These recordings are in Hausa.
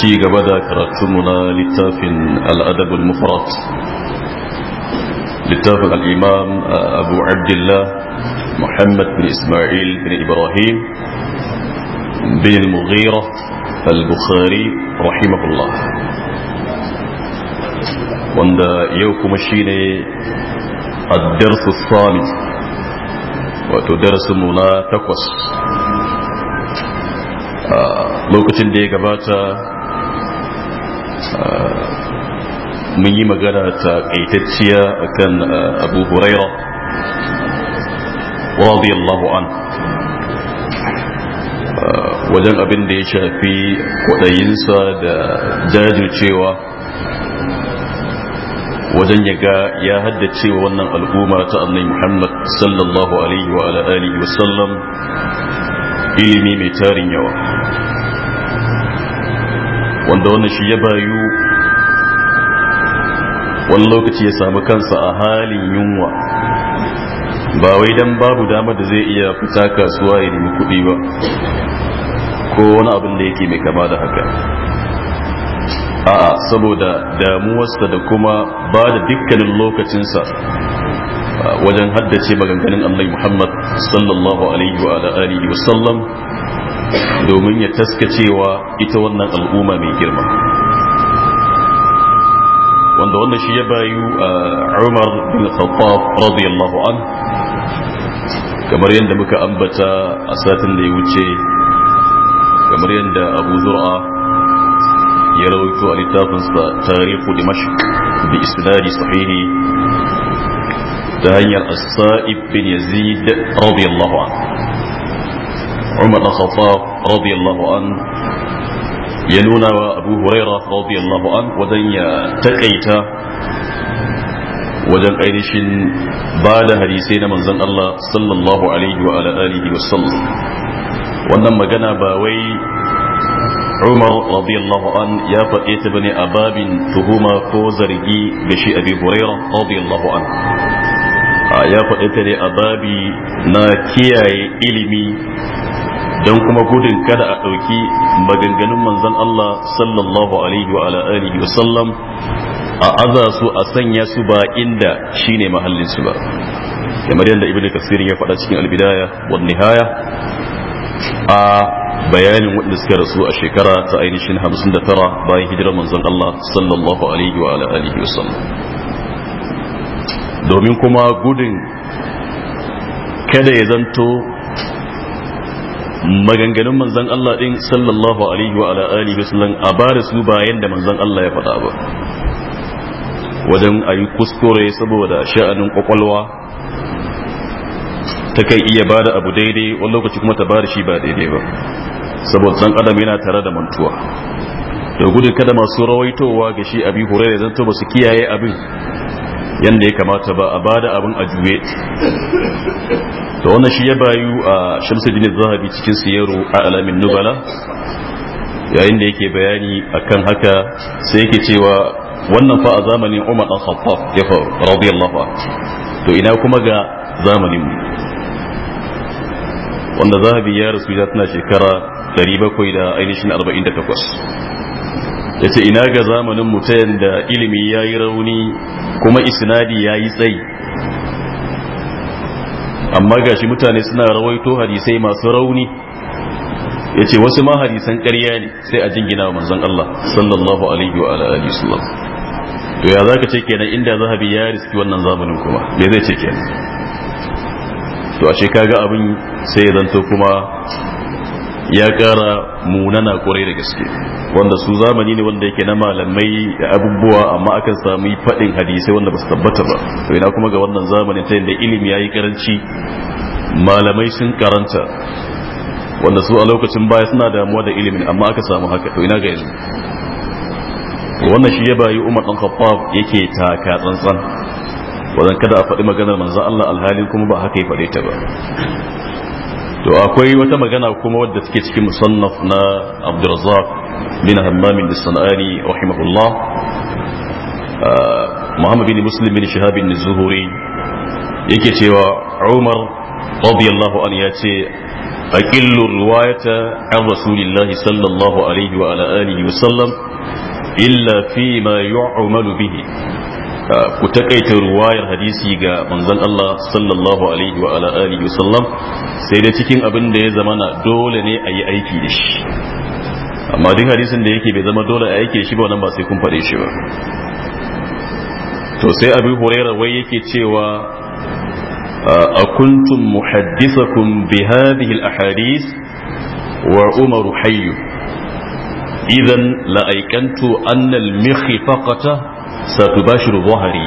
ci gaba da karatunmu na littafin al'adabul mufarat littafin al'imam abu abdullah muhammad bin ismail bin ibrahim bin al-mughira al-bukhari rahimahullah wanda yau kuma shine addarsu sami wato darasinmu na takwas lokacin da ya gabata mun yi magana ta kaitacciya kan uh, abu huraira radiyallahu an uh, wajen abin da ya shafi kwadayinsa da jajircewa wajen ya ga ya haddace wannan al'umma ta annai muhammad sallallahu alaihi wa alaali wasallam ilimi mai tarin yawa wanda wani shi ya bayu wani lokaci ya samu kansa a halin yunwa ba wai don babu dama da zai iya fita kasuwa ya nemi kuɗi ba ko wani abin da yake mai kama da haka a'a saboda damuwarsa da kuma ba da dukkanin lokacinsa wajen haddace maganganun Allah Muhammad sallallahu alaihi wa alihi wa sallam domin ya taskacewa ita wannan al'umma mai girma wanda wannan shi ya bayu a umar bin khattab radiyallahu an kamar yadda muka ambata a satin da ya wuce kamar yadda abu zur'a ya rawaito a littafinsa tarihu dimashq bi isnadi sahihi ta hanyar as-sa'ib bin yazid radiyallahu anhu umar dan khattab radiyallahu an ya nuna wa abu huraira radiyallahu an wajen ya takaita wajen ainihin ba da hadisai na Allah sallallahu alaihi wa ala wa wannan magana ba wai Umar radiyallahu an ya faɗe ta bane a babin tuhuma ko zargi da shi Abi Hurairah radiyallahu an ya faɗe ta ne a babi na kiyaye ilimi don kuma gudun kada a ɗauki maganganun manzon Allah sallallahu alaihi wa alihi wa sallam a aza su a sanya su ba inda shine mahallin su ba kamar yadda ibnu kasir ya faɗa cikin albidaya wan nihaya a bayanin wanda suka rasu a shekara ta ainihin 59 bayan hijirar manzon Allah sallallahu alaihi wa alihi wa sallam domin kuma gudun kada ya zanto maganganun manzon Allah din sallallahu alaihi wa ala alihi wasallam a bara su bayan da manzon Allah ya faɗa ba wajen a yi kuskure saboda sha'anin kwakwalwa ta kai iya ba da abu daidai wani lokaci kuma ta ba da shi ba daidai ba saboda san adam yana tare da mantuwa da gudun kada masu rawaitowa ga shi abi huraira zan to ba su kiyaye abin yadda ya kamata ba a bada da abin a juye to wannan shi ya bayu a shamsuddin zahabi cikin siyaru a alamin nubala yayin da yake bayani akan haka sai yake cewa wannan fa a zamanin umar dan khattab ya fa radiyallahu anhu to ina kuma ga zamanin mu wanda zahabi ya rasu ya tana shekara 748 da ainihin ina ga zamanin ta yanda ilimi ya yi rauni kuma isnadi ya yi tsayi amma gashi mutane suna rawaito hadisai masu rauni ya ce wasu ma hadisan ƙarya ne sai a jingina wa manzon Allah sallallahu alaihi wa alihi wasallam to ya zaka ce kenan inda zahabi ya riski wannan zamanin kuma me zai ce kenan to ashe kaga abin sai ya zanto kuma ya kara munana kwarai da gaske wanda su zamani ne wanda yake na malamai da abubuwa amma akan yi faɗin hadisai wanda ba su tabbata ba to ina kuma ga wannan zamanin ta yadda ilimi ya yi karanci malamai sun karanta wanda su a lokacin baya suna damuwa da ilimin amma aka samu haka to ina ga yanzu wannan shi ya bayi umar dan khattab yake taka tsantsan wannan kada a faɗi maganar manzo Allah alhalin kuma ba haka ya faɗe ta ba to akwai wata magana kuma wadda suke cikin musannaf na abdurrazzaq bin hammamin da sana'ani rahimahullah ah, muhammad bin muslim bin shahabin zuhuri yake cewa umar radiyallahu an ya ce aqillu riwayata an rasulillahi sallallahu alaihi wa ala alihi wa sallam illa fi ma yu'malu bihi ku takaita ruwayar hadisi ga manzon Allah sallallahu alaihi wa ala alihi wasallam sai da cikin abin da ya zamana dole ne a yi aiki da shi amma duk hadisin da yake bai zama dole a aiki da shi ba wannan ba sai kun faɗe shi ba to sai abu huraira wai yake cewa a kuntum muhaddisakum bi hadhihi al ahadith wa umar hayy idan la aikantu anna al satubashiru buhari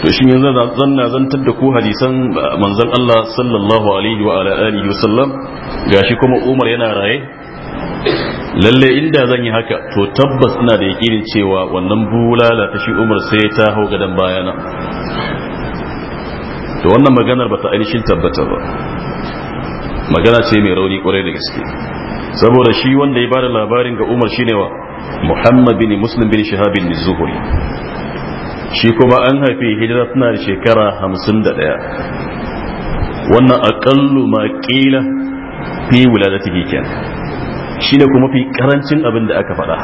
to shi yanzu zan zantar da ku hadisan manzon Allah sallallahu alaihi wa ala alihi wa sallam gashi kuma Umar yana raye lalle inda zan yi haka to tabbas ina da yakinin cewa wannan bulala ta shi Umar sai ta hau gadan bayana to wannan maganar bata ainihin tabbata ba magana ce mai rauni kwarai da gaske saboda shi wanda ya bada labarin ga umar shine wa muhammad bin muslim bin shahabin zuhuri shi kuma an haifi hijira tana da shekara hamsin da ɗaya wannan aƙallu ma ƙila fi ke kenan shi ne kuma fi karancin abin da aka faɗa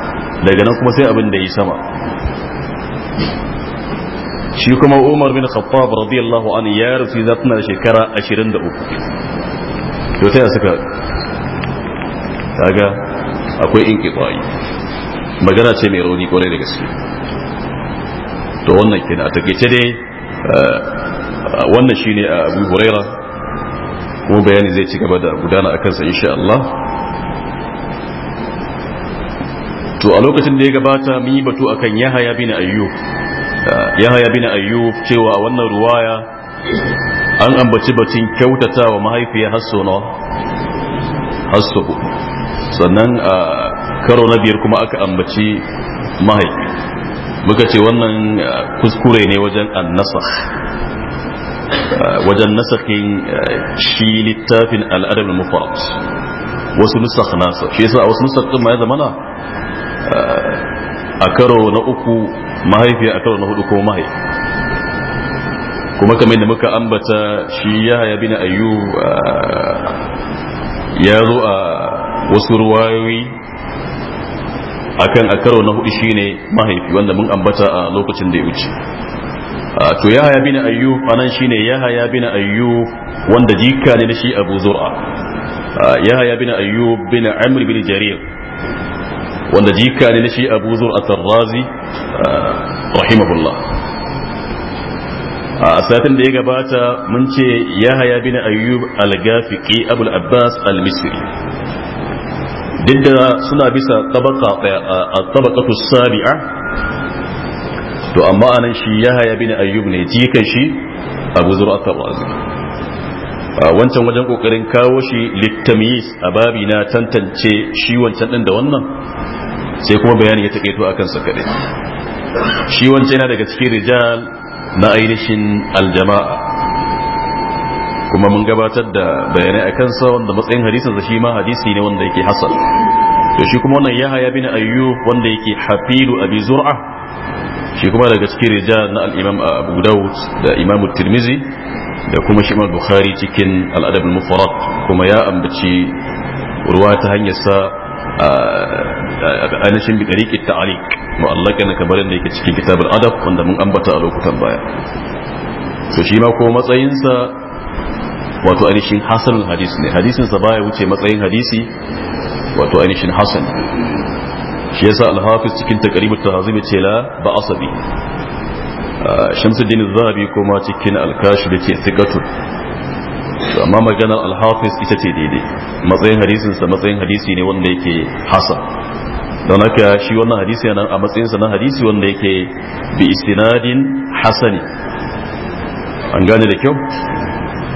daga nan kuma sai abin da yi sama shi kuma umar bin khattab radiyallahu anhu ya rasu tana da shekara 23 yau ta suka kaga akwai inqita'i magana ce mai rauni kwarai da gaske to wannan kenan a takeice dai eh, wannan shine Abu Huraira kuma bayani zai ci gaba da gudana akan sa insha Allah to a lokacin da ya gabata mun yi batu akan Yahaya bin Ayyub eh, Yahaya bin Ayyub cewa wannan ruwaya an ambaci batun kyautata wa mahaifiya hasso na sannan a karo na biyar kuma aka ambaci mahaifi muka ce wannan kuskure ne wajen annasa wajen nasakin shi littafin al'adar mufarat wasu nusak nasa shi yasa a wasu nusak ɗin ma ya zamana a karo na uku mahaifi a karo na hudu ko mahaifi kuma kamar da muka ambata shi ya haya bin ayyub ya zo a wasu ruwayoyi kan a karo na hudu shine mahaifi wanda mun ambata a lokacin da ya wuce to ya yahaya bin a nan shine haya bin ayyu wanda jika ne na shi abu zur'a haya bin ayyub bin amr bin jarir wanda jika ne na shi abu zur'a tarrazi rahimahullah a satin da ya gabata mun ce ya haya bin ayyu al-gafiqi abul abbas al-misri duk suna bisa tabaka eh, sabi'a to amma anan shi ya haya bin ayyub ne jikan shi abu zura tabazi wancan wajen kokarin kawo shi littamis a babi na tantance shi wancan din da wannan sai kuma bayani ya taƙaito a kansa kaɗai shi wancan yana daga cikin rijal na ainihin aljama'a kuma mun gabatar da bayanai a kansa wanda matsayin hadisin shi ma hadisi ne wanda yake hasan to shi kuma wannan yahaya bin ayyu wanda yake hafidu abi zur'a shi kuma daga cikin rijal na al-imam abu daud da imam tirmizi da kuma shi imam bukhari cikin al-adab al kuma ya ambaci ruwa ta hanyar sa anashin bi tariqi ta'liq na kabarin da yake cikin kitab al-adab wanda mun ambata a lokutan baya to shi ma ko matsayinsa wato ainihin hasanul hadisi ne hadisin sa baya wuce matsayin hadisi wato ainihin hasan shi yasa al-hafiz cikin taqribut tahzim ce la ba asabi ah, shamsuddin zahabi kuma cikin al da ke thiqatun amma maganar al ita ce daidai matsayin hadisin sa matsayin hadisi ne wanda yake hasan don haka shi wannan hadisi yana a matsayin sa na hadisi wanda yake bi istinadin hasani an gane da kyau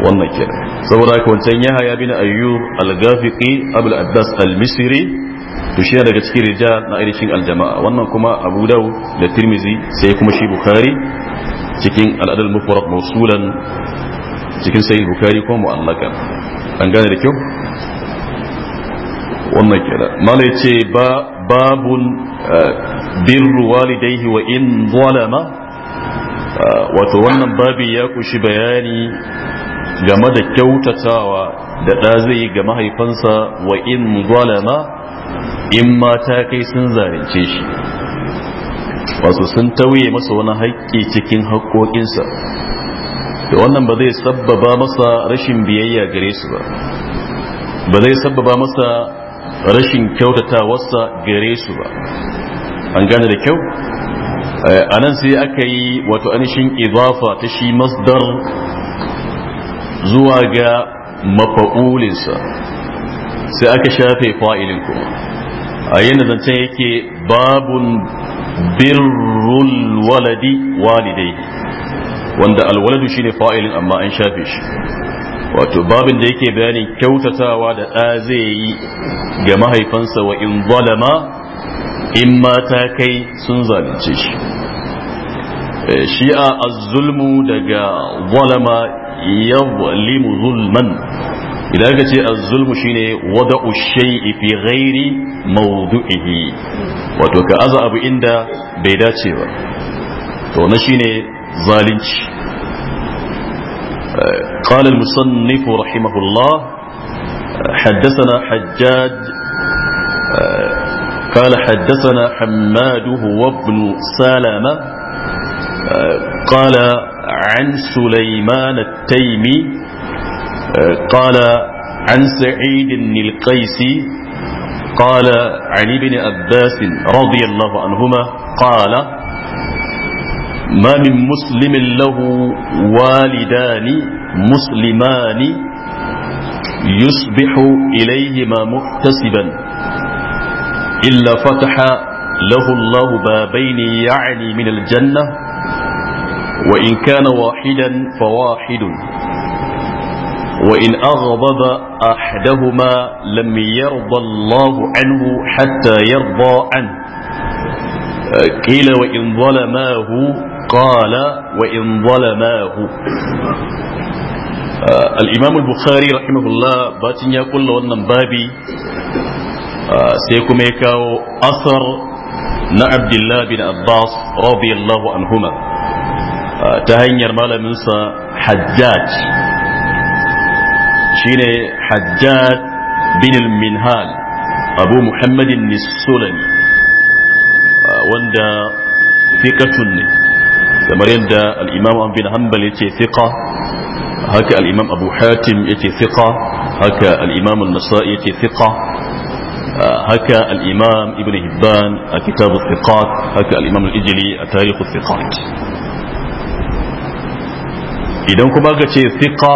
wannan kenan saboda haka wancan yahaya bin ayyub al-gafiqi abul addas al-misri to shi daga cikin rijal na ainihin aljama'a wannan kuma abu dawud da tirmizi sai kuma shi bukhari cikin al'adal mufrad mawsulan cikin sahih bukhari kuma mu'allaqan an gane da kyau wannan kenan mala yace ba babun eh, birru walidayhi wa in zalama eh, wato wannan babi ya kushi bayani game da kyautatawa da ɗa zai yi ga mahaifansa wa in zalama in mata kai sun zalunce shi wasu sun tauye masa wani haƙƙi cikin haƙƙoƙinsa da wannan ba zai sabbaba masa rashin biyayya gare su ba ba zai sabbaba masa rashin kyautatawarsa gare su ba an gane da kyau eh, a nan sai aka yi wato anishin idafa ta shi masdar zuwa ga mafa'ulinsa sai aka shafe fa'ilin kuma a yin zancen yake babun birrul waladi walidai wanda alwaladu shine fa'ilin amma an shafe shi wato babin da yake bayanin kyautatawa da ɗa zai yi ga mahaifansa wa in zalama in mata kai sun zalunce shi eh, shi'a a zulmu daga zalama يظلم ظلما إذا قلت الظلم شيني وضع الشيء في غير موضعه وتوك أزا أبو إندا بيدا تيوا ونشيني ظالنش قال المصنف رحمه الله حدثنا حجاج قال حدثنا حماد هو ابن سالم قال عن سليمان التيمي قال عن سعيد بن القيسي قال عن ابن عباس رضي الله عنهما قال ما من مسلم له والدان مسلمان يصبح إليهما محتسبا إلا فتح له الله بابين يعني من الجنة وإن كان واحدا فواحد وإن أغضب أحدهما لم يرضى الله عنه حتى يرضى عنه قيل وإن ظلماه قال وإن ظلماه آه، الإمام البخاري رحمه الله باتن يقول wannan babi sai kuma ya kawo الله بن Abdullah bin رضي الله عنهما ta hanyar malaminsa hajjaj shine hajjaj bin minhal abu muhammadin nisulami wanda fiƙatun ne kamar yadda al'imam an bin hanbal ya ce fiƙa haka al'imam abu hatim ya ce fiƙa haka al'imam al-nasa'i ya ce fiƙa هكا الإمام ابن هبان كتاب الثقات هكا الإمام الإجلي تاريخ الثقات idan kuma ka ce thiqa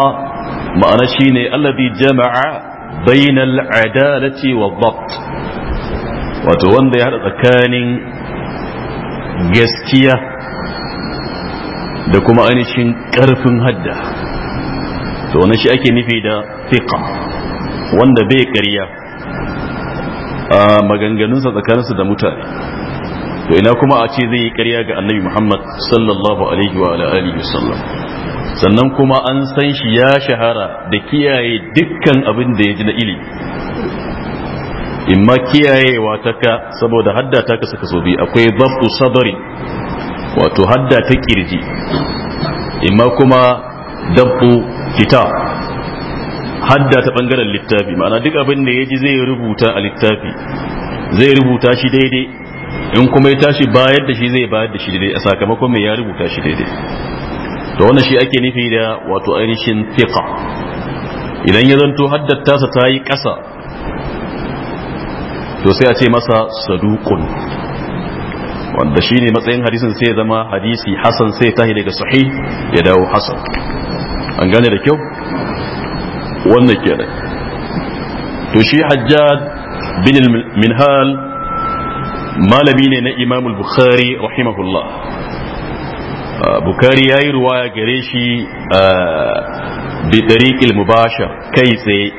ma'ana shine alladhi jama'a bainal adalati wa dhabt wato wanda ya hada tsakanin gaskiya da kuma ainihin karfin hadda to wannan shi ake nufi da thiqa wanda bai ƙarya a maganganunsa tsakaninsa da mutane to ina kuma a ce zai yi ƙarya ga annabi muhammad sallallahu alaihi wa alihi sannan kuma an san shi ya shahara da kiyaye dukkan abin da ya ji na ili imma kiyayewa ta ka saboda hadda ta ka kaso sobi akwai zafu sadari wato hadda ta kirji imma kuma dabbu kita hadda ta bangaren littafi ma'ana duk abin da ya ji zai rubuta a littafi zai rubuta shi daidai in kuma ya tashi bayar da shi zai bayar da shi daidai a sakamakon mai ya rubuta shi daidai to wannan shi ake nufi da wato ainihin fiƙa idan ya zanto haddatasa ta yi ƙasa to sai a ce masa saduƙun wanda shi ne matsayin hadisin sai zama hadisi hasan sai ta daga sahih ya dawo hasan an gane da kyau wannan kenan to shi hajjad bin minhal malami ne na imamul bukhari rahimahullah bukari ya yi ruwaya gare shi a tariqil mubashar kai tsaye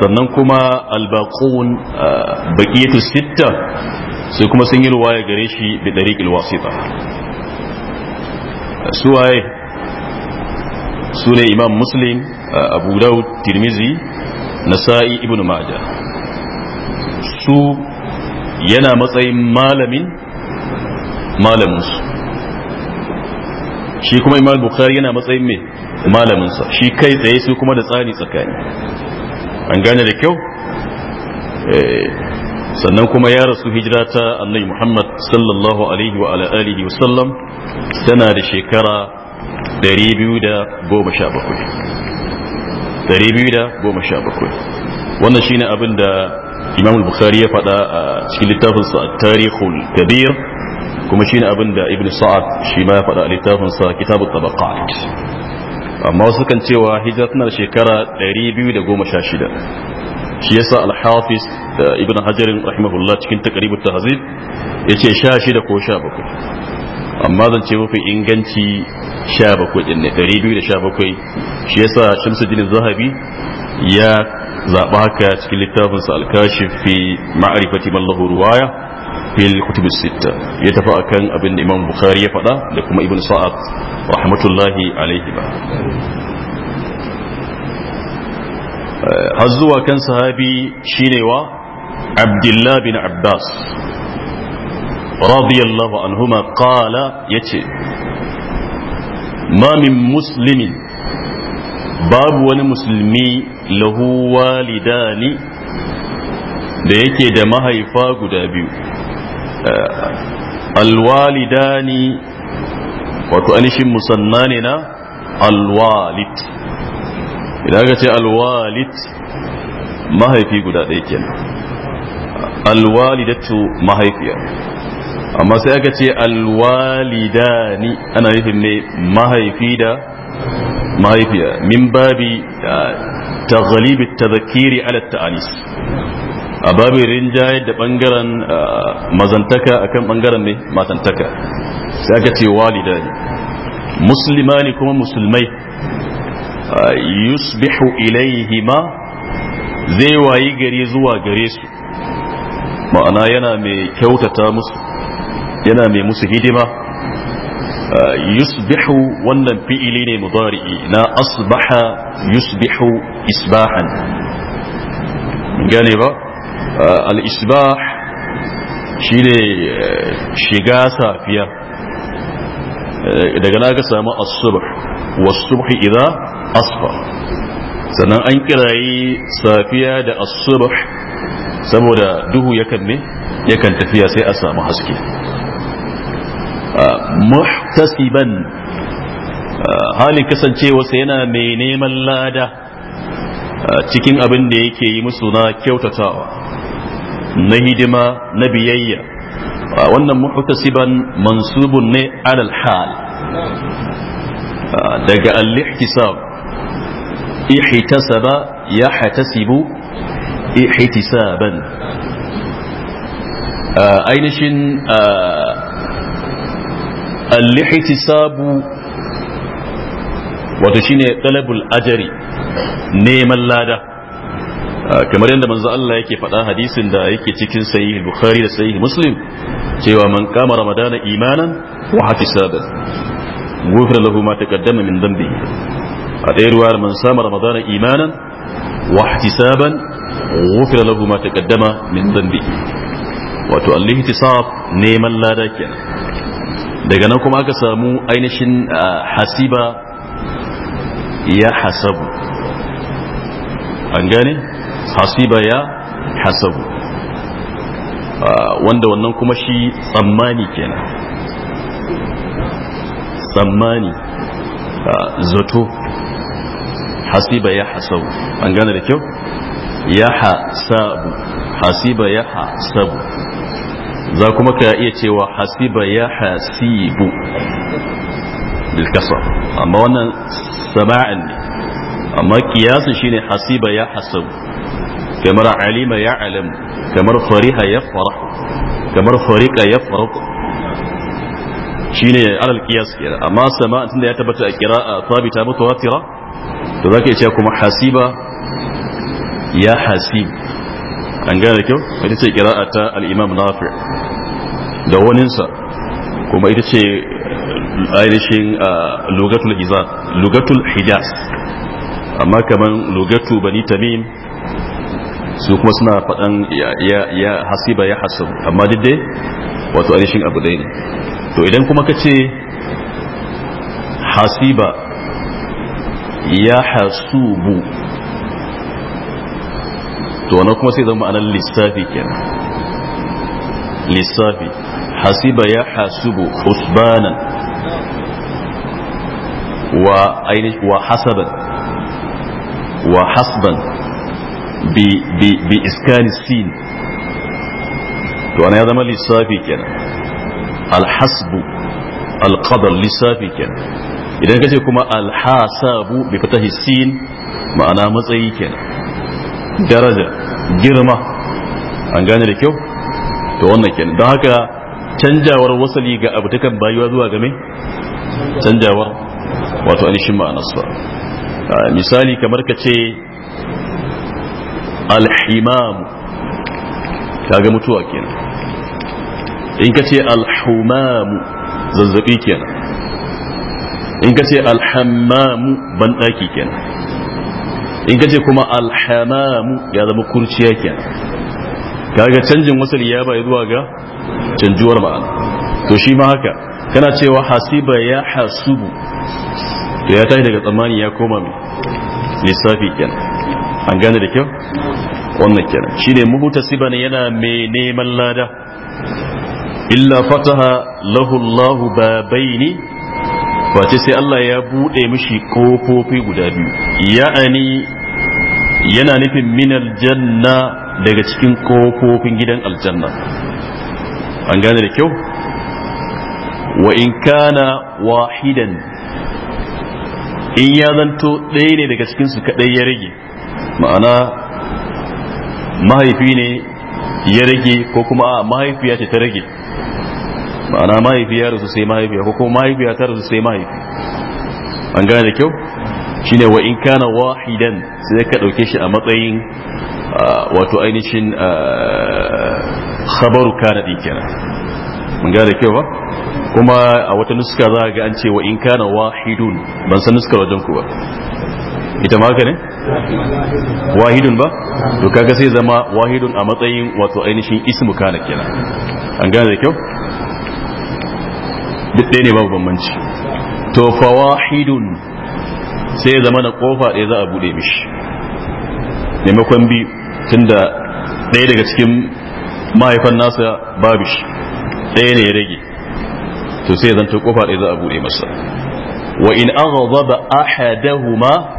sannan kuma albaqun baqiyatu sitta sai kuma sun yi ruwaya gare shi bi wasita suwaye su ne imam muslim abu daud tirmizi nasa'i ibnu maja su yana matsayin malamin malaminsu shi kuma imam bukhari yana matsayin mai malaminsa shi kai tsaye su kuma da tsari tsakani an gane da kyau eh, sannan kuma ya rasu hijira ta annabi muhammad sallallahu alaihi wa alihi wa sallam tana da shekara 217 wannan shine abin da imam bukhari ya faɗa a cikin littafinsa at-tarikhul kabir kuma shine abin da ibn sa'ad shi ma ya faɗa a littafin sa kitabut tabaqat amma wasu kan cewa hijira tana da shekara 216 shi yasa al-hafiz ibn hajar rahimahullah cikin taqribut tahzib yace 16 ko 17 amma zan ce mafi inganci 17 din ne 217 shi yasa shamsuddin zahabi ya zaba haka cikin littafinsa al-kashif fi ma'rifati man lahu ruwaya fil kutubus sitta ya tafi akan abin da imam bukhari ya faɗa da kuma ibn sa'ad rahmatullahi alaihi ba har kan sahabi shine wa abdullah bin abbas radiyallahu anhuma qala yace ma min muslimin babu wani musulmi lahu walidani da yake da mahaifa guda biyu alwalidani wato ainihin musanna ne na alwalid idan aka ce alwalid mahaifi guda ɗaya kenan alwalidatu mahaifiya amma sai aka ce alwalidani ana nufin ne mahaifi da mahaifiya min babi ta ghalibin tazakiri ala ta'anis a babin rinjaye da bangaren uh, mazantaka akan bangaren mai matantaka sai aka ce walida ne musulmani kuma musulmai uh, yusbihu ma zai wayi gari zuwa gare su ma'ana yana mai kyautata musu yana mai musu hidima uh, yusbihu wannan fi'ili ne mudari'i na asbaha yusbihu isbahan gane ba al shi shine shiga safiya daga na ga samu asubar subh was asfa sannan an kirayi safiya da asubar saboda duhu yakan ne yakan tafiya sai a samu haske muhtasiban halin kasancewarsa yana mai neman lada cikin abin da yake yi musu na kyautatawa na hidima na biyayya wannan muhtasiban mansubun ne alal hal daga al-ihtisab ihtasaba yahtasibu ihtisaban ainihin al-ihtisabu wato shine talabul ajari neman lada Ah, kamar yadda manzo Allah yake faɗa hadisin da yake cikin sahih bukhari da sahih muslim cewa man kama ramadana imanan wa hafisaban ghufira lahu ma taqaddama min dhanbi a ɗaya ruwayar man sama ramadana imanan wa ihtisaban ghufira lahu ma taqaddama min dhanbi wato al-ihtisab neman lada kenan daga nan kuma aka samu ainihin ah, hasiba ya hasabu an gane hasiba ya hasabu ah, wanda wannan kuma shi tsammani kenan tsammani ah, zato hasiba ya hasabu an gane da kyau ya hasabu hasiba ya hasabu za kuma ka iya cewa hasiba ya hasibu bilkasa amma wannan sama'an ne amma kiyasa shine hasiba ya hasabu kamar alima ya alim kamar fariha ya fara kamar farika ya fara shine alal qiyas kenan amma sama tunda ya tabbata a qira'a thabita mutawatira to zaka ce kuma hasiba ya hasib an gane kyau ita ce ta al-imam da waninsa kuma ita ce ainihin lugatul hijaz lugatul hijaz amma kaman lugatu bani tamim su kuma suna faɗan ya hasiba ya hasib amma duk dai wato ainihin abu dai ne to idan kuma ka ce hasiba ya hasubu to wannan kuma sai zama ma'anar lissafi kenan lissafi hasiba ya hasubu usbanan wa ainihin wa hasaban wa hasban bi iskani sin to ana ya zama lissafi kenan lissafi kenan idan kace kuma alhasabu bi fatahi sin ma'ana matsayi kenan daraja girma an gane da kyau to wannan kenan don haka canjawar wasali ga abu takan bayuwa zuwa game canjawar wato ainihin ma'anarsa misali kamar ka ce alhimamu kaga mutuwa kenan in ka ce alhumamu zazzabi kenan in ka ce alhammamu banɗaki kenan in ka ce kuma alhamamu ya zama kurciya kenan kaga canjin wasali ya bai zuwa ga canjuwar ma'ana to shi ma haka kana cewa hasiba ya hasubu to ya tashi daga tsammani ya koma mai lissafi kenan an gane da kyau wannan kenan shine muhtasiban yana mai neman lada illa fataha lahu Allah babaini Wace sai Allah ya bude mishi kofofi guda biyu ya'ani yana nufin min aljanna daga cikin kofofin gidan aljanna an gane da kyau wa in kana wahidan in ya zanto ɗaya ne daga cikinsu kaɗai ya rage ma'ana mahaifi ne ya rage ko kuma a mahaifiya ce ta rage ma'ana mahaifi ya rasu sai mahaifiya ko kuma mahaifiya ta rasu sai mahaifi an gane da kyau shine wa in kana wahidan sai ka dauke shi a matsayin wato ainihin khabaru kana din kenan mun gane da kyau ba kuma a wata nuska za ga an ce wa in kana wahidun ban san nuskar wajen ku ba ita ma haka ne wahidun ba to kaga sai zama wahidun a matsayin wato ainihin ismu kana kenan an gane da kyau duk ɗaya ne babu bambanci to fa wahidun sai zama da kofa ɗaya za a buɗe mishi maimakon bi tunda ɗaya daga cikin mahaifan nasa babu shi ɗaya ne ya rage to sai zanta kofa ɗaya za a buɗe masa wa in an ghadaba ahadahuma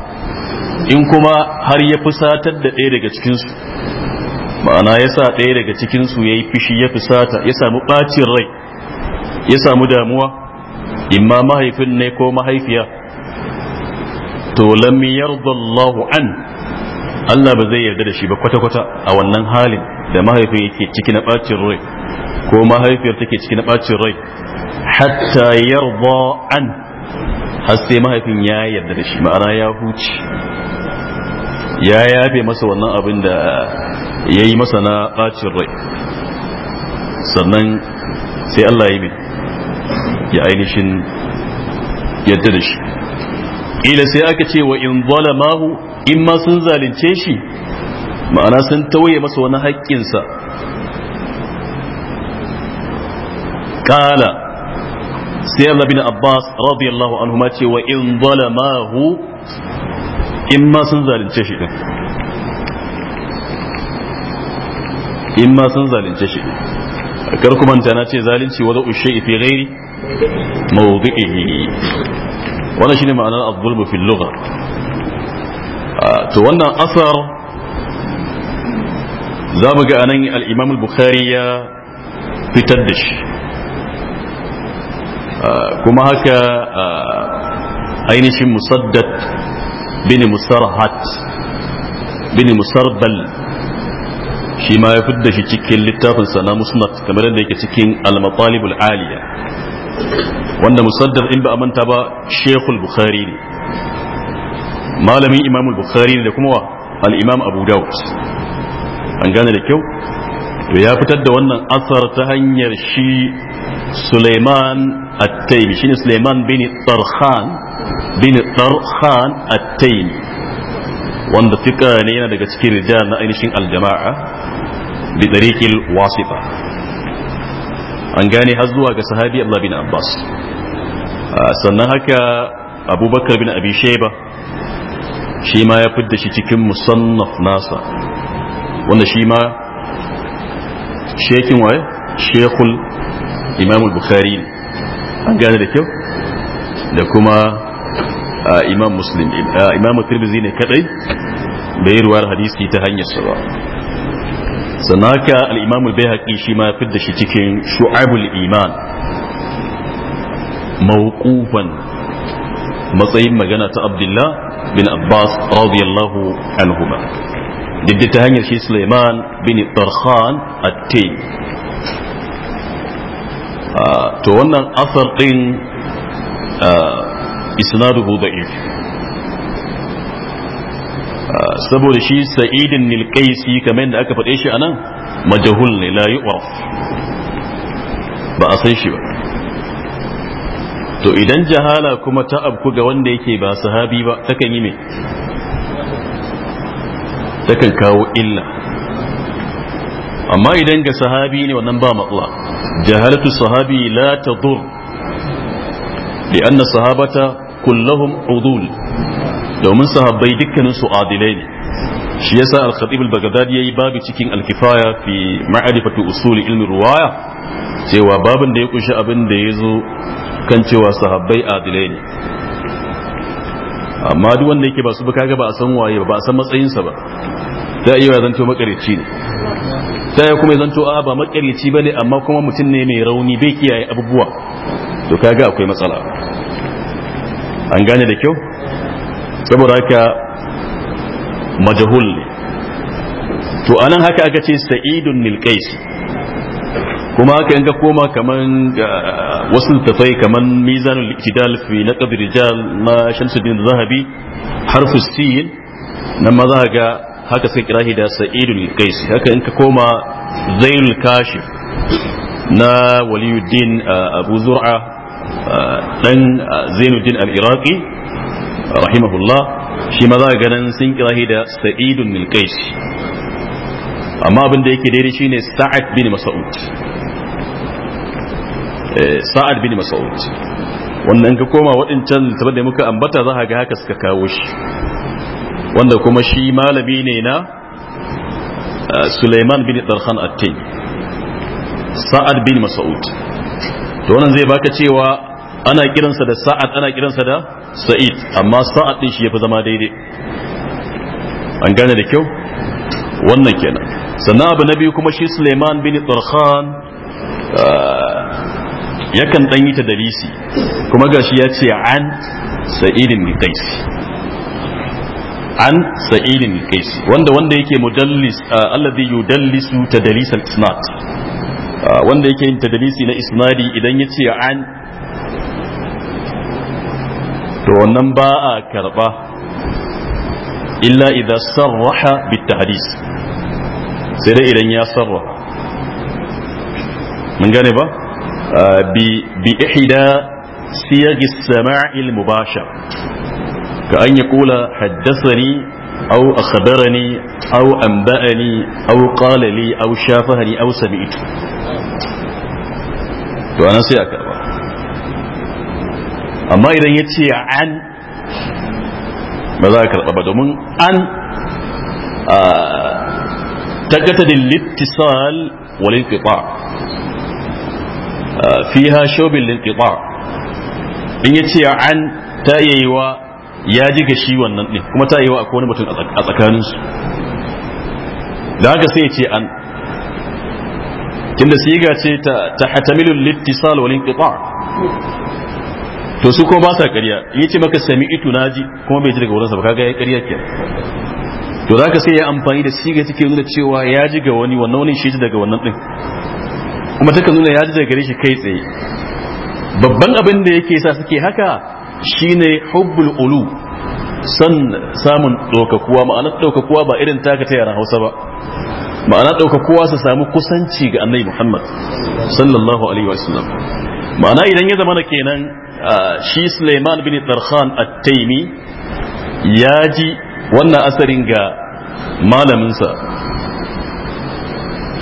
in kuma har ya fusatar da ɗaya daga cikinsu ma'ana ya sa ɗaya daga cikinsu ya yi fishi ya fusata ya samu ɓacin rai ya samu damuwa in ma mahaifin ne ko mahaifiya to lam yardallahu an Allah ba zai yarda da shi ba kwata-kwata a wannan halin da mahaifi yake ciki na ɓacin rai ko mahaifiyar take ciki na ɓacin rai hatta yarda an har sai mahaifin ya yarda da shi ma'ana ya huce ya yabe masa wannan abin da ya yi masa na ɓacin rai sannan sai Allah ya yi ya ainihin yadda da shi ila sai aka ce wa in zalamahu in ma sun zalunce shi ma'ana sun tauye masa wani haƙƙinsa ƙala sai Allah bin Abbas radiyallahu anhu ma ce wa in zalamahu in ma sun zalunce shi din in ma sun zalunce shi kar kuma na ce zalunci wa za'u shay'i fi ghairi mawdi'ihi wannan shine ma'anar az-zulm fi lugha to wannan asar za mu ga anan al-imam al-bukhari ya fitar da shi kuma haka ainihin musaddad bin musarhat bin musarbal shi ma ya fidda shi cikin littafin sana musnad kamar yadda yake cikin al-matalibul aliya wanda musaddad in ba manta ba shekul bukhari ne malamin imamul bukhari ne da kuma wa al-imam abu daud an gane da kyau ya fitar da wannan asar ta hanyar shi Suleiman At-Taimi shine Suleiman bin Tarkhan bin Tarkhan at wanda fika ne yana daga cikin rijal na ainihin aljama'a bi tariqil wasifa an gane har zuwa ga sahabi Abdullah bin Abbas ah, sannan haka Abubakar bin Abi Shayba shi ma ya fidda shi cikin musannaf nasa wanda shi ma shekin waye shekul imam bukhari an gane da kyau da kuma imam muslim imam tirmidhi ne kadai bai yi ruwar hadisi ta hanyar sa ba sannan haka al-imam al-baihaqi shi ma fidda shi cikin shu'abul iman mawqufan matsayin magana ta abdullah bin abbas radiyallahu anhuma duk ta hanyar shi suleiman bin tarhan at-tayyib to wannan asar din isnaduhu da'if saboda shi sa'idin nilkaisi kamar da aka faɗe shi a nan majahul ne la yu'raf ba a san shi ba to idan jahala kuma ta abku ga wanda yake ba sahabi ba takan yi me takan kawo illa amma idan ga sahabi ne wannan ba matsala jahalatu sahabi la tadur li anna sahabata kullahum udul domin sahabbai dukkanin su adilai ne shi yasa al-khatib al-baghdadi yayi babu cikin al-kifaya fi ma'rifatu usul ilmi ruwaya cewa babin da ya kunshi abin da yazo kan cewa sahabbai adilai ne amma duk wanda yake ba su ba kaga ba a san waye ba a san matsayinsa ba ta iya zanto makarici ne sai kuma zan a ba makaryaci bane amma kuma mutum ne mai rauni bai kiyaye abubuwa to kaga akwai matsala an gane da kyau saboda haka majahul ne to anan haka aka ce sa'idun nilkais kuma haka yanga koma kaman ah, wasu tafai kaman mizanul iktidal fi naqd rijal na shamsuddin zahabi harfu sin nan ma za ga haka sai kira shi da sa'idul kais haka in ka koma zailul kashif na waliyuddin uh, abu zur'a uh, dan uh, zainuddin al-iraqi rahimahullah shi ma za ganin sun kira shi da sa'idul milkais amma abin da yake daidai shine sa'ad bin mas'ud eh, sa'ad bin mas'ud wannan ka koma waɗancan littafin da muka ambata za ga haka suka kawo shi wanda kuma shi malami ne na uh, Suleiman bin Darhan Attin Sa'ad bin Mas'ud to wannan zai baka cewa ana kiransa da Sa'ad ana kiransa da Sa'id amma Sa'ad din shi yafi zama daidai an gane da kyau wannan kenan sannan abu na biyu kuma shi Suleiman bin Darhan uh, yakan dan yi ta dalisi kuma gashi ya ce an sa'idin bin an sa'idin qais wanda wanda yake mudallis uh, alladhi yudallisu tadlis al-isnad uh, wanda yake yin tadlisi na isnadi idan yace an to wannan ba a karba illa idza sarraha bitahdis sai dai idan ya sarraha mun gane ba uh, bi ihda siyag as-sama'il mubashar كأن يقول حدثني أو أخبرني أو أنبأني أو قال لي أو شافهني أو سمعت وأنا سيأك أما إذا يتي عن ماذا كرب من عن آه، تجتد الاتصال والانقطاع آه، فيها شوب الانقطاع إن يتي عن و ya ji ga shi wannan ɗin kuma ta yi wa akwai wani mutum a tsakaninsu da haka sai ce an tunda siga ce ta hatamilin littisal wal ƙiƙa to su kuma ba sa ƙarya ce maka sami na ji kuma bai ji daga wurinsa ba kaga ya ƙarya ke to zaka sai ya amfani da siga take nuna cewa ya ji ga wani wannan wani shi ji daga wannan ɗin? kuma take nuna ya ji daga gare shi kai tsaye babban abin da yake sa suke haka shine hubbul ulu san samun ɗaukakuwa ma'anar ɗaukakuwa ba irin taka ta yaran hausa ba ma'ana ɗaukakuwa su samu kusanci ga annai muhammad sallallahu alaihi wa sallam ma'ana idan ya zama kenan shi suleiman bin tarhan a taimi ya ji wannan asarin ga malaminsa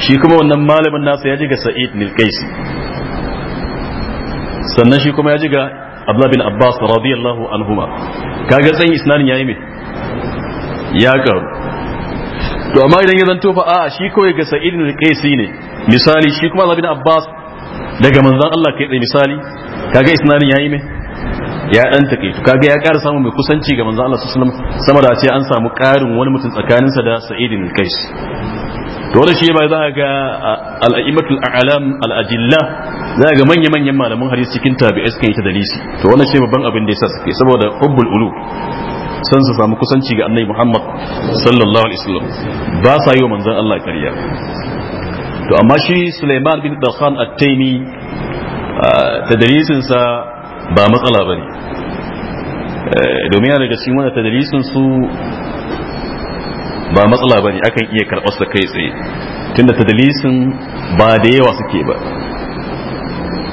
shi kuma wannan malamin nasa ya ji ga sa'id nilkaisi sannan shi kuma ya ji ga Abdullah bin Abbas radiyallahu anhuma kaga tsayin isnadin yayi me ya karu to amma idan ya zanto fa a shi kawai ga Sa'id bin Qaisi ne misali shi kuma Abdullah bin Abbas daga manzon Allah kai tsaye misali kaga isnadin yayi me ya dan take to kaga ya ƙara samu mai kusanci ga manzon Allah sallallahu alaihi wasallam sama da ce an samu ƙarin wani mutum tsakaninsa da Sa'id bin Qaisi to wannan shi ba za ga al-a'immatul a'lam al-ajilla za ga manya manyan malaman hadisi cikin tabi sukan yi ta dalisi to wannan shi babban abin da yasa suke saboda hubbul ulu san su samu kusanci ga annabi Muhammad sallallahu alaihi wasallam ba sa yi wa manzon Allah kariya to amma shi Sulaiman bin Dakhan at-Taymi tadrisin sa ba matsala bane eh, domin yana daga cikin wannan tadrisin su ba matsala bane akan iya karɓar sa kai tsaye tunda tadlisin ba da yawa suke ba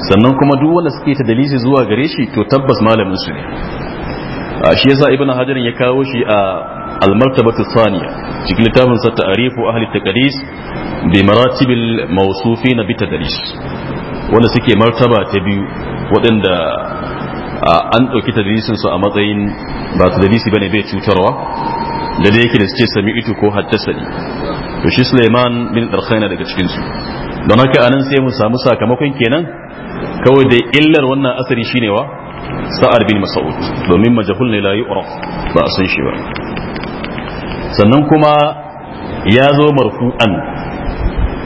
sannan kuma duk wanda suke tadlisi zuwa gare shi to tabbas malamin su ne shi yasa Ibn hajar ya kawo shi a al-martabatu cikin littafin sa ta'rifu ahli taqdis bi maratibil mawsufin bi tadlis wanda suke martaba ta biyu waɗanda an ɗauki tadlisin su a matsayin ba tadlisi bane bai cutarwa da da yake da suke sami ito ko haddasani to shi Sulaiman bin Darkhan daga cikin su don haka anan sai mu samu sakamakon kenan kawai da illar wannan asari shine wa sa'ar bin Mas'ud domin majhul ne la yu'raf ba a san shi ba sannan kuma ya zo marfu'an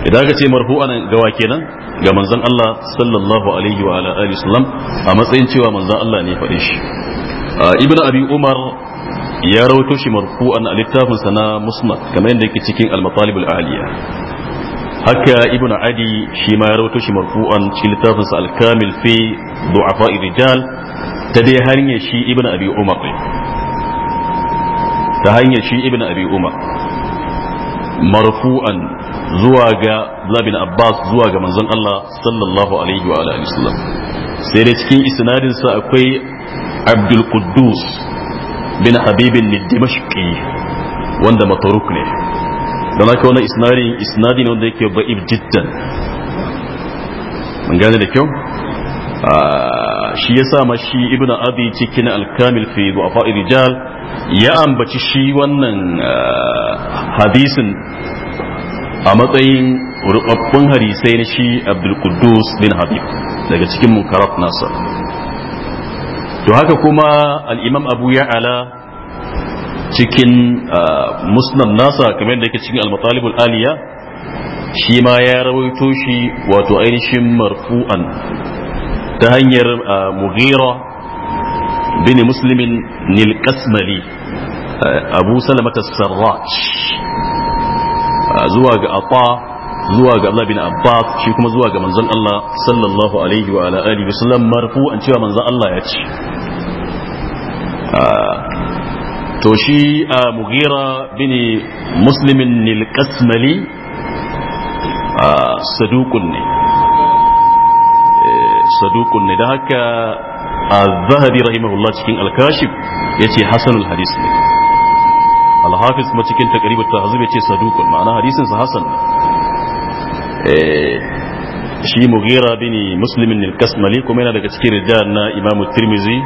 idan ka ce marfu'an gawa kenan ga manzon Allah sallallahu alaihi wa ala alihi wasallam a matsayin cewa manzon Allah ne faɗe shi ibnu abi umar ya rawaito shi marfu'an a littafin sana na musnad kamar yadda yake cikin al-matalib al-aliya haka ibnu adi shi ma ya rawaito shi marfu'an cikin littafin sa al-kamil fi du'afa rijal ta dai hanyar shi ibnu abi umar ta hanyar shi ibnu abi umar marfu'an zuwa ga labin abbas zuwa ga manzon Allah sallallahu alaihi wa alihi wasallam sai dai cikin isnadin sa akwai abdul quddus bin habibin dimashqi wanda mataruk ne don haka wani isnari isnadi ne wanda yake ba'ib jiddan mun gane da kyau ah, shi ya sa shi ibn abi cikin alkamil fi du'afa rijal ya ambaci shi wannan ah, hadisin a matsayin rubabbun harisai na shi abdul bin habib daga cikin munkarat nasa to haka kuma al'imam abu ya ya'ala cikin ah, musnad nasa kamar yadda yake cikin al aliya shi ma ya rawaito shi wato ainihin marfu'an ta hanyar ah, mughira bin muslimin nilkasmali ah, abu salamata sarraj zuwa ga ata zuwa ga Allah bin Abbas shi kuma zuwa ga manzon Allah sallallahu alaihi wa ala alihi sallam marfu an cewa manzon Allah ya ce to shi a mugira bini muslimin nilkasmali sadukun ne sadukun ne da haka a zahari rahimahullah cikin alkashif ya ce hasanul hadis ne alhafis ma cikin takaribar ta hazib ya ce sadukun ma'ana hadisinsa hasan shi mugira bini muslimin nilkasmali kuma yana daga cikin rijiyar na imamu tirmizi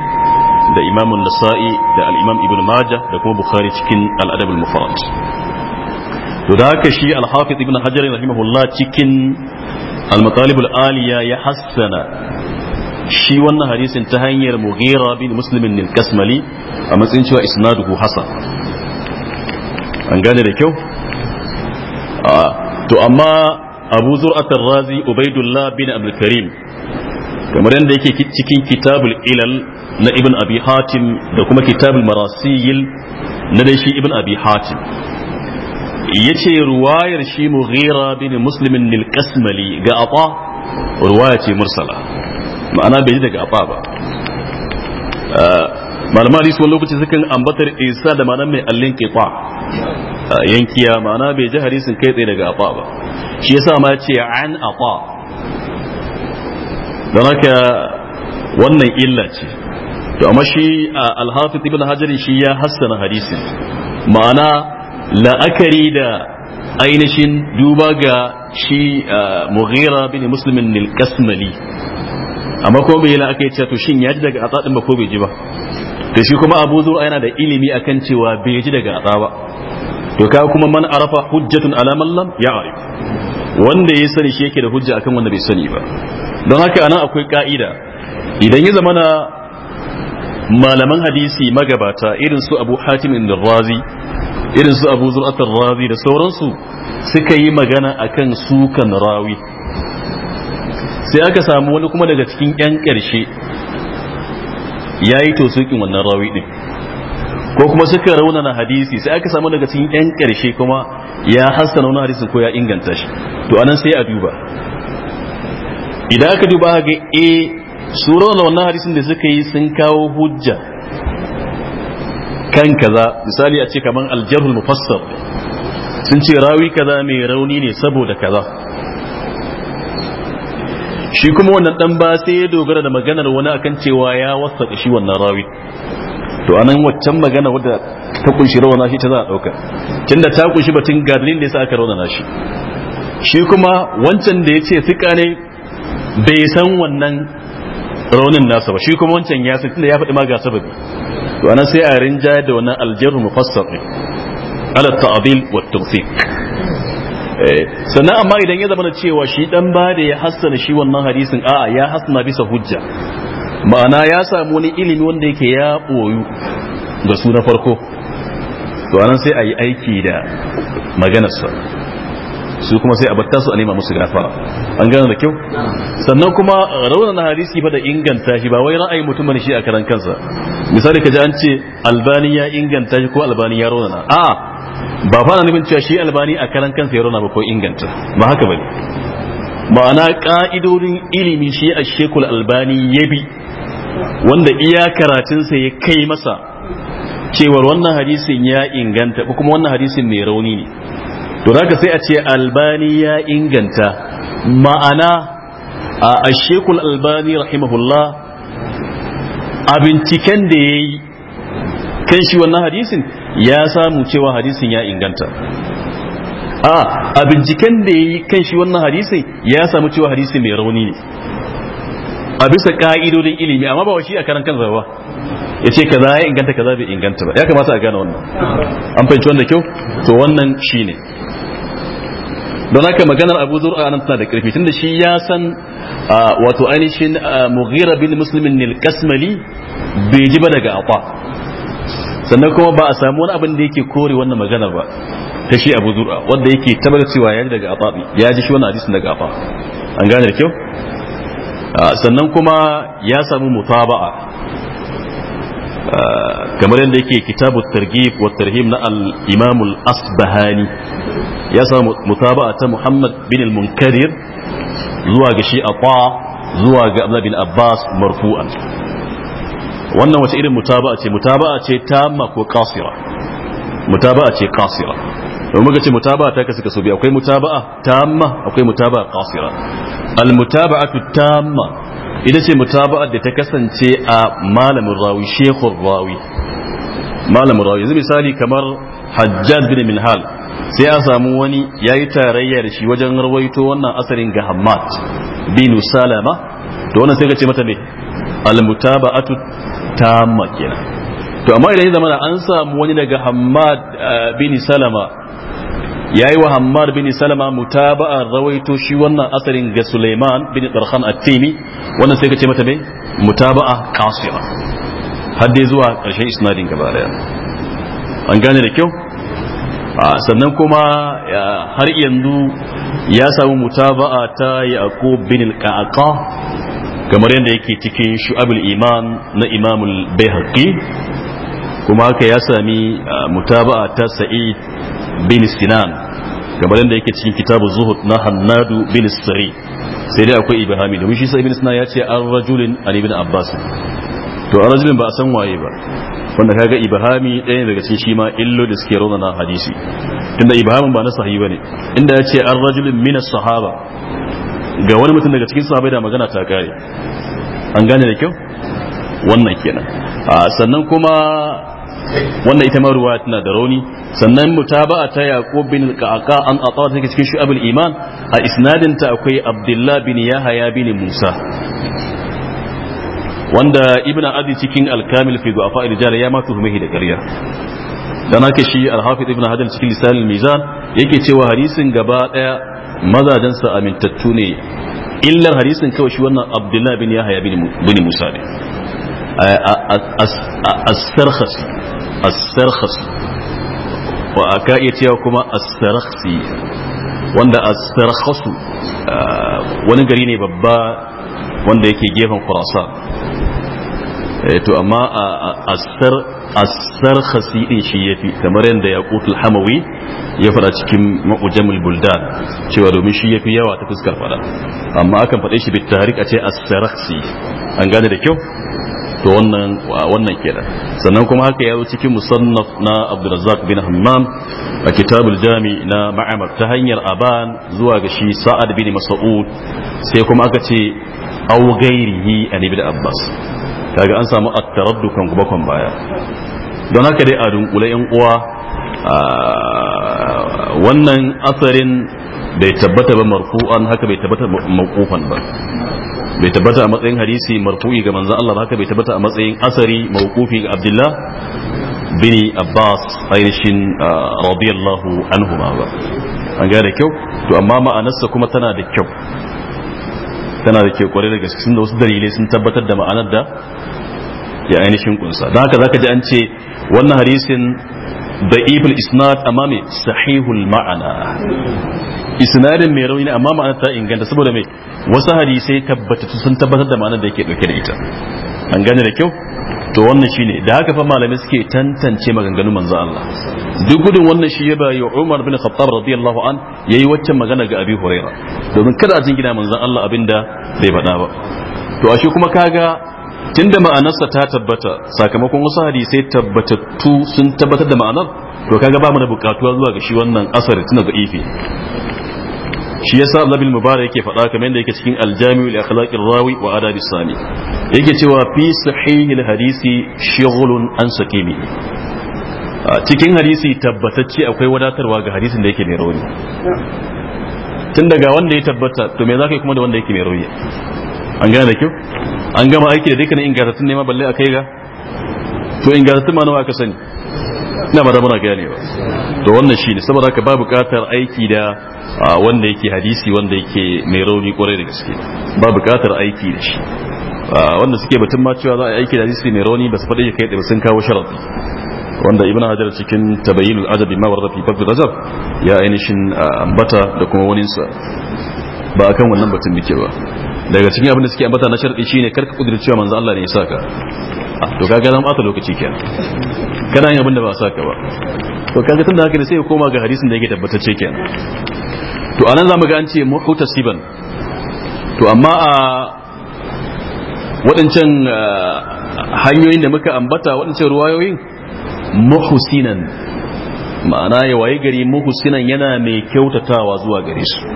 da imamun nasa'i da al'imam ibn maja da kuma bukhari cikin al'adabul mufarad to da haka shi al-hafiz ibn hajar rahimahullah cikin al-matalibul aliya ya hassana shi wannan hadisin ta hanyar mughira bin muslimin nil kasmali a matsayin cewa isnaduhu hasan an gane da kyau to amma abu zur'atar razi ubaidullah bin abdulkarim kamar yadda yake cikin kitabul ilal na ibn abi hatim da kuma kitabul marasiyil na dai shi ibn abi hatim yace ruwayar shi mughira bin musulmin nilkasmali ga aba ruwaya ce mursala ma'ana bai ji daga aba ba ah, malama hadisi wani lokaci sukan ambatar isa da ma'ana mai allin kifa ah, yankiya ma'ana bai ji hadisin kai tsaye daga aba ba shi yasa ma ce an aba don haka wannan illa ce to amma shi alhafiz ibn hajar shi ya hassana hadisi ma'ana la'akari da ainihin duba ga shi mughira bin muslimin kasmali amma ko bai yana aka yi to shin ya ji daga atsa din ba ko bai ji ba to shi kuma abu zuwa yana da ilimi akan cewa bai ji daga atsa ba to kuma man arafa hujjatun man lam ya wanda ya sani shi yake da hujja akan wanda bai sani ba don haka anan akwai ka'ida idan ya zama na malaman hadisi magabata irin su abu hatim inda razi irin su abu zur'atar razi da sauransu suka yi magana akan sukan rawi sai aka samu wani kuma daga cikin yan ƙarshe ya yi to sukin wannan rawi ɗin ko kuma suka raunana hadisi sai aka samu daga cikin yan ƙarshe kuma ya hassana wani hadisin ko ya inganta shi to anan sai a duba idan aka duba ga a eh, su raunana wannan hadisin da suka yi sun kawo hujja kan kaza misali a ce kaman aljarhul mufassar sun ce rawi kaza mai rauni ne saboda kaza shi kuma wannan dan ba sai ya dogara da maganar wani akan cewa ya wasa shi wannan rawi to anan waccan magana wadda ta kunshi rawa na shi ta za a dauka tunda ta kunshi batun gadalin da sa aka na shi shi kuma wancan da ce sika ne bai san wannan raunin nasa ba shi kuma wancan ya san tunda ya faɗi ma ga sababi to anan sai a rinja da wannan aljarru mufassar ne ala ta'dil wa tawfiq eh, sannan amma idan ya zama cewa shi dan ba da ya hassana shi wannan hadisin a'a ya hassana bisa hujja ma'ana ya samu wani ilimi wanda yake ya ɓoyu ga su na farko to anan sai a yi aiki da maganarsa su kuma sai a batta su a nema musu gafara an gane da kyau sannan kuma raunar na hadisi fa da inganta shi ba wai ra'ayi mutum bane shi a karan kansa misali ka ji an ce albani ya inganta shi ko albani ya raunana a ba fa na nufin cewa shi albani a karan kansa ya raunana ba ko inganta ba haka bane ma'ana ka'idodin ilimi shi a shekul albani ya bi wanda iya karatunsa ya kai masa cewar wannan hadisin ya inganta ko kuma wannan hadisin mai rauni ne to zaka sai a ce albani ya inganta ma'ana a ashekul albani rahimahullah a binciken da ya yi kan shi wannan hadisin ya samu cewa hadisin ya inganta a a binciken da ya yi kan shi wannan hadisin ya samu cewa hadisin mai rauni ne a bisa ka'idodin ilimi amma ba shi a karan kansa ba ya ce kaza ya inganta kaza bai inganta ba ya kamata a gane wannan an fahimci wanda kyau to wannan shi ne. don haka maganar abu zuwa a nan tana da tun tunda shi ya san wato ainihin mughira bin Musulmin nil kasmali bai ji ba daga akwa sannan kuma ba a samu wani abin da yake kore wannan maganar ba ta shi abu zuwa wanda yake tabbatar cewa ya ji daga akwa ya ji shi wannan hadisin daga akwa an gane da kyau Ah, sannan kuma ya samu mutaba'a ah, kamar yadda yake kitabu targhib wa tarhim na al asbahani ya samu mutaba'a ta muhammad bin al-munkarir zuwa ga shi zuwa ga bin abbas marfu'an wannan wace irin mutaba'a ce mutaba'a ce tamma ko qasira mutaba'a ce qasira domin muka ce mutaba'a ta kasu kasu biyu akwai mutaba'a tamma akwai mutaba'a qasira al mutaba'atu tamma ita ce mutaba'a da ta kasance a malamin rawi shehur rawi malamin rawi yanzu misali kamar hajjaz bin minhal sai a samu wani yayi tarayya da shi wajen rawaito wannan asarin ga hamad bin salama to wannan sai ka ce mata me al mutaba'atu tamma kenan to amma idan ya zama an samu wani daga hamad eh, bin salama yi wa Hammar bin Salama mutaba'a rawaito shi wannan asarin ga Sulaiman bin Darkhan At-Timi wannan sai ka ce mata me mutaba'a qasira har dai zuwa ƙarshen isnadin gaba daya an gane da kyau sannan kuma har yanzu ya samu mutaba'a ta Yaqub bin al kamar yadda yake cikin Shu'abul Iman na imamul al kuma haka ya sami mutaba'a ta Sa'id bin sinan kamar yadda yake cikin kitabu zuhud na hannadu bin sari sai dai akwai ibahami domin shi sai ibn sinan ya ce an rajulin an ibn abbas to an rajulin ba a san waye ba wanda kaga ibahami ɗaya daga cikin shi ma illo da suke rona na hadisi tunda ibahamin ba na sahihi bane inda ya ce an rajulin min sahaba ga wani mutum daga cikin sahaba da magana ta kare an gane da kyau wannan kenan sannan kuma wannan ita ma ruwaya tana da rauni sannan mutaba'a ta yaqub bin qaqa an ata take cikin shu'abul iman a isnadin ta akwai abdullah bin yahaya bin musa wanda ibn adi cikin al-kamil fi du'afa al-rijal ya ma tuhumihi da ƙarya dan haka shi al-hafiz ibn hadal cikin lisan al-mizan yake cewa hadisin gaba daya mazajen sa amintattu ne illar hadisin kawai shi wannan abdullah bin yahaya bin musa ne as-sarkhasi as-sarkhas wa aka iya cewa kuma as-sarkhsi wanda as-sarkhasu wani gari ne babba wanda yake gefen Khurasan to amma as-sar as-sarkhasi din shi yafi kamar yadda Yaqut al-Hamawi ya faɗa cikin ma'ujamul buldan cewa domin shi yafi yawa ta fuskar faɗa amma akan fade shi bit tarik a ce as-sarkhsi an gane da kyau to wannan wannan kenan sannan kuma haka ya zo cikin musannaf na Abdurrazzaq bin Hammam a kitabul jami na Ma'amar ta hanyar Aban zuwa ga shi Sa'ad bin Mas'ud sai kuma aka ce aw ghairihi an ibn Abbas kaga an samu at-taraddukan gubakon baya don haka dai a dunkule yan uwa wannan asarin bai tabbata ba marfu'an haka bai tabbata maqufan ba bai tabbata a matsayin hadisi marfu'i ga manzon Allah haka bai tabbata a matsayin asari mawqufi ga Abdullah bin Abbas ayyishin uh, radiyallahu anhu ba an ga da kyau to amma ma'anarsa kuma tana da kyau tana da kyau kwarai da gaske sun da wasu dalilai sun tabbatar da ma'anar da ya ainihin kunsa don haka zaka ji an ce wannan hadisin da'if al-isnad amma sahihul ma'ana isnadin mai rauni amma ma'ana ta inganta saboda mai wasu hadisai tabbata sun tabbatar da ma'anar da yake dauke da ita an gane da kyau to wannan shine da haka fa malamai suke tantance maganganun manzo Allah duk gudun wannan shi ya bayi Umar bin Khattab radiyallahu an yayi waccan magana ga Abi Huraira domin kada a jingina manzo Allah abinda bai faɗa ba to ashe kuma kaga tunda ma'anarsa ta tabbata sakamakon wasu hadisai tabbatattu sun tabbatar da ma'anar to kaga ba mu da bukatuwa zuwa ga shi wannan asar tuna da ifi shi yasa Allah mubarak yake faɗa kamar yadda yake cikin aljami'u li akhlaqir rawi wa adab sami yake cewa fi al hadisi shughlun an sakimi cikin hadisi tabbatacce akwai wadatarwa ga hadisin da yake mai rauni tun daga wanda ya tabbata to me zaka yi kuma da wanda yake mai rauni an gane da kyau an gama aiki da dukkanin ingantattun nema balle a kai ga to ingantattun ma nawa aka sani na ba da muna gane ba to wannan shi ne saboda haka ba bukatar aiki da wanda yake hadisi wanda yake mai rauni kwarai da gaske ba bukatar aiki da shi wanda suke batun ma cewa za a aiki da hadisi mai rauni ba su faɗi kai da sun kawo sharaɗi wanda ibn hajar cikin tabayyinul adabi ma warrafi fi fadl rajab ya ainihin ambata da kuma waninsa ba akan wannan batun muke ba daga cikin abin da suke ambata na sharɗi shine karka kudur cewa manzo Allah ne ya saka to kaga zan ɓata lokaci kenan kana yin abin da ba saka ba to kaga tunda haka ne sai ya koma ga hadisin da yake tabbatacce kenan to anan zamu ga an ce muhtasiban to amma a waɗancan hanyoyin da muka ambata waɗancan ruwayoyin muhsinan ma'ana ya waye gari muhsinan yana mai kyautatawa zuwa gare su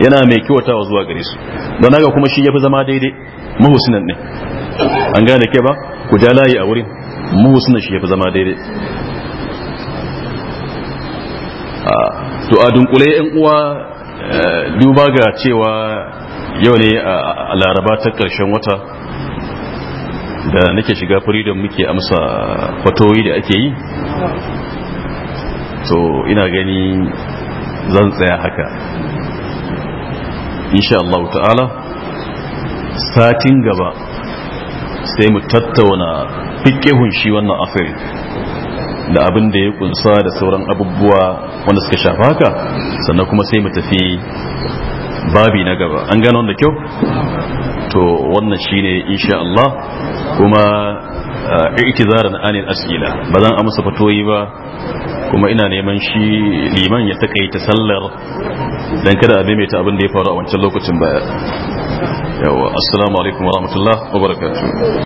yana mai kyautawa zuwa gare su don haka kuma shi yafi zama daidai muhsinan ne an gane ke ba ku ja layi a wurin muhsinan shi yafi zama daidai to a dunkule yan uwa eh, duba ga cewa yau ne a laraba ta ƙarshen wata da nake shiga freedom muke amsa fatoyi da ake yi to ina gani zan tsaya haka insha Allah ta'ala satin gaba sai mu tattauna fikihun shi wannan afiri da abin da ya kunsa da sauran abubuwa wanda suka shafa haka sannan kuma sai mu tafi babi na gaba an gano da kyau to wannan shine insha Allah kuma i'tizaran anil as'ila ba zan amsa fatoyi ba kuma ina neman shi liman ya takaita sallar dan kada a maimaita abin da ya faru a wancan lokacin baya yawa assalamu alaikum wa rahmatullah wa barakatuh